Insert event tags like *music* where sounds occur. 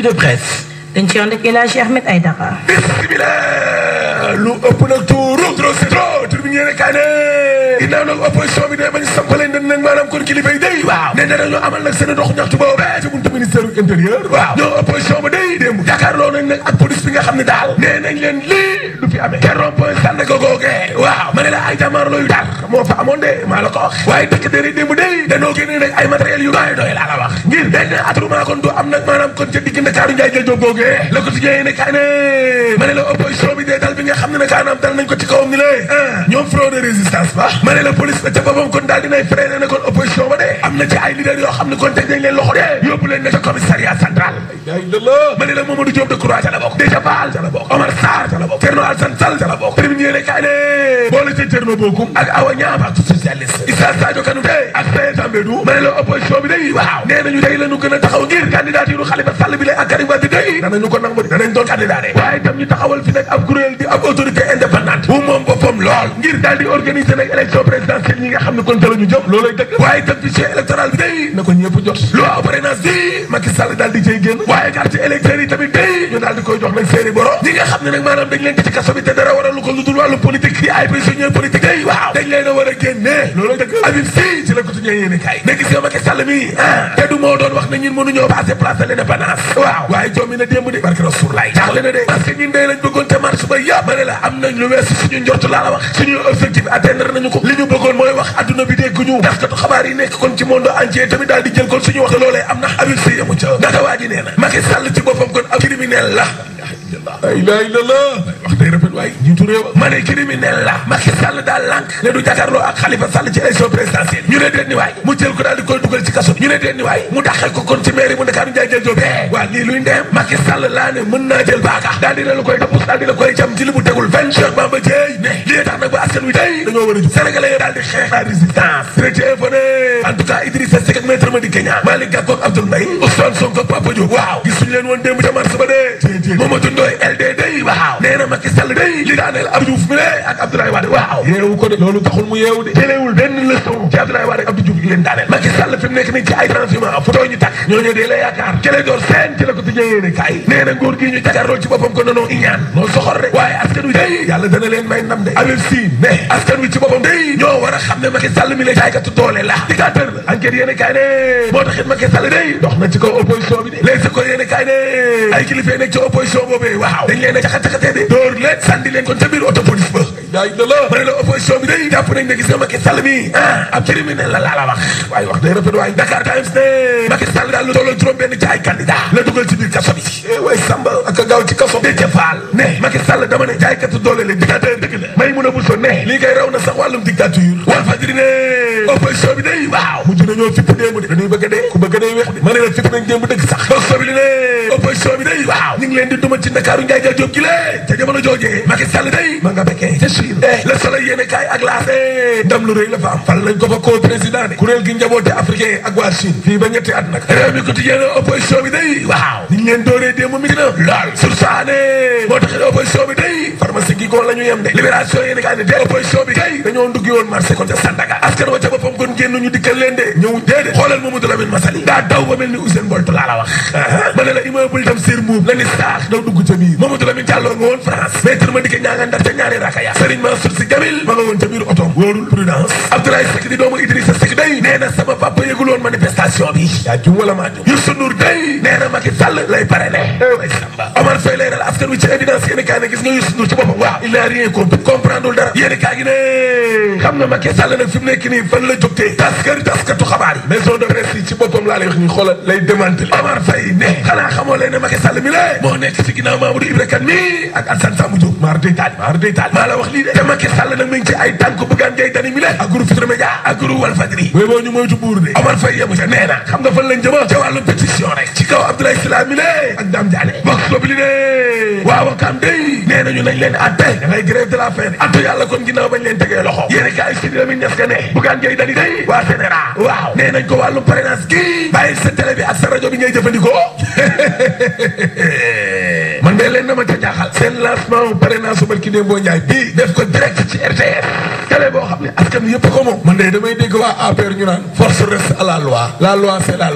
bi de presse. dañ ci ànd ak El Hadji Ahmed Aïdara. bisimilah lu ëpp nag tuuru. trop c'est trop tur bi ñu ne kaane. ginnaaw nag opposition bi day bañ a sampale ndem nag maanaam kon kilifa yi day. waaw nee na dañoo amal nag seen dox ñaxtu boobu. ci buntu ministère du intérieur. waaw ñoo opposition ba day démb. jàkkaarloo nañ nag ak police bi nga xam ne daal. nee nañ leen lii du fi amee. te rond point Sandaga googe ma ne la ay jàmmaarloo yu tar moo fa amoon de maa la ko wax waaye dëkk déri démb de danoo génne nag ay matériels yu doy doy laa la wax ngir benn attroupement kon du am nag maanaam kon ca digg Ndakaaru Njaay jël jóg googee la ko tijjee ne kaa ne ma ne la opposition bi dee dal bi nga xam ne ne kaanaam dal nañ ko ci kawam ni la ah, ñoom front de résistance ba ma ne la police ba ca boppam kon daal dinay freiné ne kon opposition ba de am na ci ay leaders yoo xam ne kon teg nañ leen loxo de yóbbu leen na ca commissariat sant ma ne la Mamadou Diop Decroix ca la bokk Déthié Fall ca la bokk Omar Sarr ca la bokk Thierno Alassane Sall ca la bokk terminé yéene kaay ne boole ca Thierno Bocoum ak Awa Niang Oustaz Sadio Kanouté ak Seyda Mbédou ma ne la opposition bi day waaw nee nañu day lañu gën a taxaw ngir candidature Khalifa Sall bi lay ak Karim Wade day danañu ko nangu danañ doon candidat de waaye itam ñu taxawal fi nag ab kuréel di ab autorité indépendante bu moom boppam lool ngir daal di organiser nag élection présidentielle yi nga xam ne kon jëlañu jëm loolay dëgg waaye itam fichier électoral bi day na ko ñëpp jot loi parrainage bi Macky Sall daal di cay génn waaye carte électeur yi tamit day ñu daal di koy jox nag seeni boro ñi nga xam ne nag maanaam dañ leen ci kaso bi te dara waralu ko lu dul wàllu politique di ay prisonnier politique day waaw dañ leen a war a génne loolu ah, doon wax ne ñun mënuñoo passé place de l'indépendance waaw waaye joomi na démb de barke Rasulaay de parce bëggoon te marche ba yëpp la am nañ lu weesu suñu njort laa la wax suñu objectif atteindre nañu ko li ñu bëggoon mooy wax adduna bi dégguñu taskatu xabaar yi nekk kon ci monde entier tamit daal di jël kon suñu wax loolee am na Habib Sy yamu ca ndax waa ji nee na Macky Sall ci boppam kon ab criminel la ay laa illallah wax day rafet waay jiitu réew ma ne criminel la Macky du jàkkaarloo ak Khalifa Sall ci élection présidentielle ñu ne mu jël ko daal ci kaso ñu mu dàqe ko kon ci mairie bu Ndakaaru Ndiaye Ndiaye Diop waa lii luy ndeem Macky Sall laa ne mën naa jël baaka daal di la koy dappus daal di la jam ci li mu tegul vingt Cheikh Bamba Dieye ne tax nag ba askan wi tey dañoo war a jug sénégalais yi daal di xeex la résistance directeur fa ne en tout cas Idrissa Seck ak maître Madické Niang Mamadou Ndoye LDD day waaw nee na Macky Sall day li daaneel Abdou Diouf mi ne ak Abdoulaye Wade waaw yeewu ko de loolu taxul mu yeewu de teréewul benn leçon ci Abdoulaye Wade ak Abdou Diouf gi leen daaneel Macky Sall fi nekk nii ci ay transhumance photo ñu takk ñooñu dee la yaakaar jële door seen ci la ko tijjee ci boppam ko nanoo iñaan moo soxor rek waaye wi day yàlla dana leen may ndam de Habib Sy ne askan wi ci boppam day ñoo war a xam ne Macky mi la jaaykatu doole la dictateur la enquête yéene kaay ne moo taxit caxa-caxatee de dóor leen kon ca biir ba daay da la bëri la opposition bi ah. day jàpp Dakar Times ne Macky Sall daal lu tolloo juróom benn ci ay candidat la dugal ci biir kaso eh, a may mun a bul so lii kay raw na sax wàllum dictature wal fajri ne opposition bi day waaw mujj nañoo fipp démb de dañuy bëgg a dee ku bëgg a dee weex de ma sax boog sobi opposition bi day waaw ñu leen di duma ci Ndakaaru Njaay Njaay Jóob gi lée ca jamono joojee Macky Sall day ma nga bekkee ca Chine eh Le moo tax opposition bi day pharmacie gi koon la yem de libération yéene de opposition bi day dañoo nduggi woon marché kon ca Sandaga askan wa ca boppam kon génn ñu dikkal leen de ñëw déedéet xoolal Mamadou Lamine Massaly daa daw ba mel ni Usain Bolt laa la wax *laughs* ma ne la immeuble Tafsir Mbuub la ni saax daw dugg ca biir Mamadou Lamine Diallo nga woon France maître ma dikke ñaa nga ndar ca ñaari raaka ya Serigne Mansour Sy Djamil ma nga woon ca biir otom wóorul prudence Abdoulaye Seck di doomu Idrissa Seck day nee na sama papa yëgul woon manifestation bi yaa jum wala maa jum Youssou Ndour day nee na Macky Sall lay pare eh, ne Omar Faye leeral nag fi mu nekk nii fan la jógtee taskari taskatu xabaar yi maison de presse ci boppam laa lay wax lay démantelé bi la moo nekk ci ginnaaw Mamadou Ibra Kane mi ak Alassane Samba Diop maar day taal maar day taal maa la wax lii de dama ki nag mi ay tànk buggaan gay dani mi la ak groupe Futurs Médias ak groupe Walfadjri mooy boo ñu moytu buur de Omar Faye xam nga fan lañ jëma ca wàllu ci kaw Abdoulaye Sylla mi la ak Dame Diallo box bobu li ne waaw akaam day nee nañu nañ leen atte da ngay grève de la faim attu yàlla kon ginnaaw bañ leen tegee loxo yéene kaay si dina mi ñes ka ne bugaan jay dali day waa sénéra waaw nee nañ ko wàllu parrainage gi bàyyi sa télé bi ak sa rajo bi ngay jëfandikoo *laughs* man de leen na ma ca jaaxal seen lancement parrainage su barki Dembo Njaay bii def ko direct ci RTS télé boo xam ne askan yëpp ko moom man de damay dégg waa APR ñu naan force reste à la loi la loi c'est la